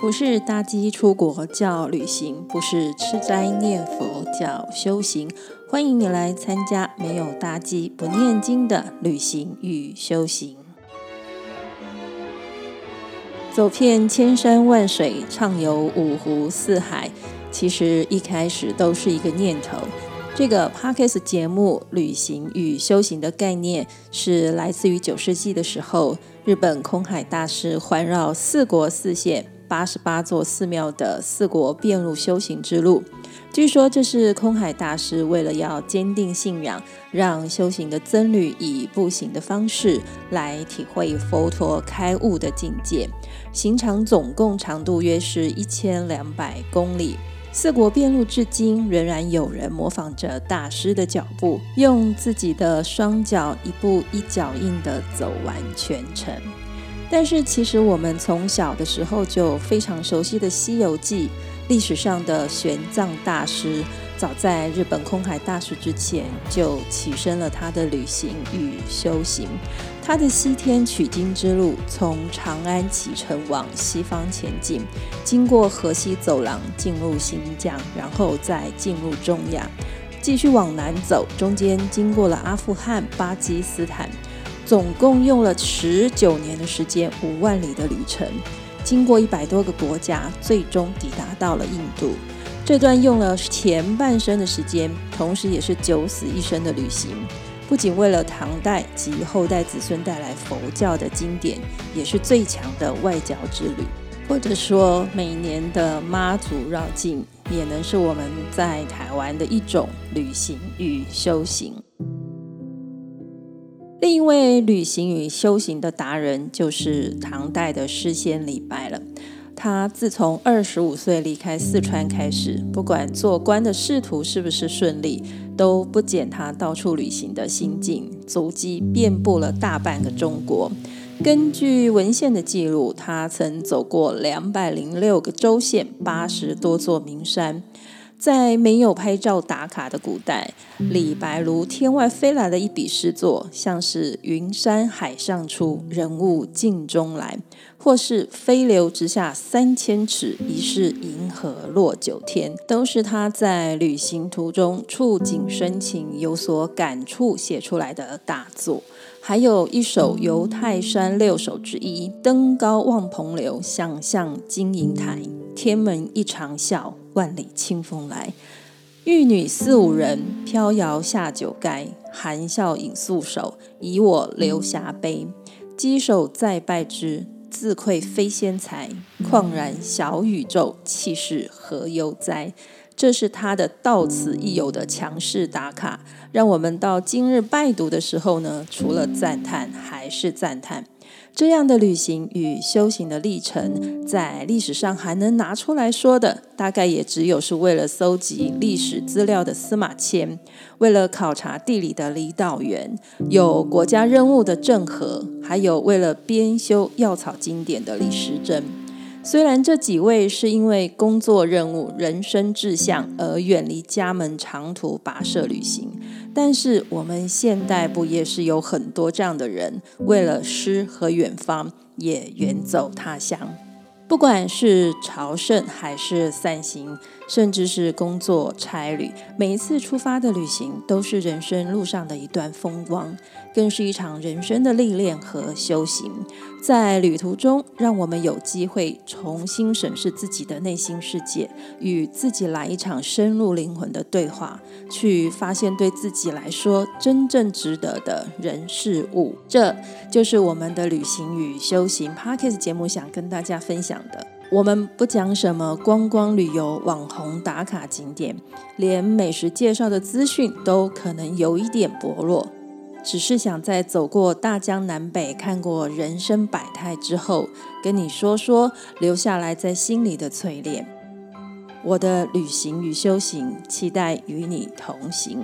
不是搭機出國叫旅行，不是吃齋念佛叫修行。歡迎你來參加沒有搭機不念經的旅行與修行。走遍千山萬水，暢遊五湖四海，其實一開始都是一個念頭。這個 podcast 節目“旅行與修行”的概念是來自於九世紀的時候，日本空海大師環繞四國四縣、八十八座寺廟的四國遍路修行之路，據說這是空海大師為了要堅定信仰，讓修行的僧侶以步行的方式來體會佛陀開悟的境界。行程總共長度約是一千兩百公里。四國遍路至今仍然有人模仿着大師的腳步，用自己的雙腳一步一腳印地走完全程。但是，其實我們從小的時候就非常熟悉的《西遊記》，歷史上的玄奘大師，早在日本空海大師之前，就起身了他的旅行與修行。他的西天取經之路，從長安啟程往西方前進，經過河西走廊進入新疆，然後再進入中亞，繼續往南走，中間經過了阿富汗、巴基斯坦。總共用了十九年的時間，五萬里的旅程，經過一百多個國家，最終抵達到了印度。這段用了前半生的時間，同時也是九死一生的旅行。不僅為了唐代及後代子孫帶來佛教的經典，也是最強的外交之旅。或者說，每年的媽祖繞境，也能是我們在台灣的一種旅行與修行。另一位旅行與修行的達人，就是唐代的詩仙李白了。他自從二十五歲離開四川開始，不管做官的仕途是不是順利，都不減他到處旅行的心境，足跡遍布了大半個中國。根據文獻的記錄，他曾走過兩百零六個州縣，八十多座名山。在沒有拍照打卡的古代，李白如天外飛來的一筆詩作，像是“雲山海上出，人物鏡中來”，或是“飛流直下三千尺，疑是銀河落九天”，都是他在旅行途中觸景生情、有所感觸寫出來的大作。還有一首《遊泰山六首》之一《登高望蓬流》，想象金銀台，天門一長嘯。萬里清風來，玉女四五人，飄搖下九垓，含笑引素手，遺我流霞杯。稽首再拜之，自愧非仙才。曠然小宇宙，棄世何悠哉！這是他的到此一遊的強勢打卡。讓我們到今日拜讀的時候呢，除了讚嘆，還是讚嘆。這樣的旅行與修行的歷程，在歷史上還能拿出來說的，大概也只有是為了搜集歷史資料的司馬遷，為了考察地理的酈道元，有國家任務的鄭和，還有為了編修藥草經典的李時珍。雖然這幾位是因為工作任務、人生志向而遠離家門、長途跋涉旅行。但是我們現代不也是有很多這樣的人，為了詩和遠方，也遠走他鄉，不管是朝聖還是散心。甚至是工作差旅，每一次出發的旅行，都是人生路上的一段風光，更是一場人生的歷練和修行。在旅途中，讓我們有機會重新審視自己的內心世界，與自己來一場深入靈魂的對話，去發現對自己來說真正值得的人事物。這就是我們的旅行與修行 Podcast 節目想跟大家分享的。我們不講什麼觀光旅遊、網紅打卡景點，連美食介紹的資訊都可能有一點薄弱。只是想在走過大江南北、看過人生百態之後，跟你說說留下來在心裡的淬煉。我的旅行與修行，期待與你同行。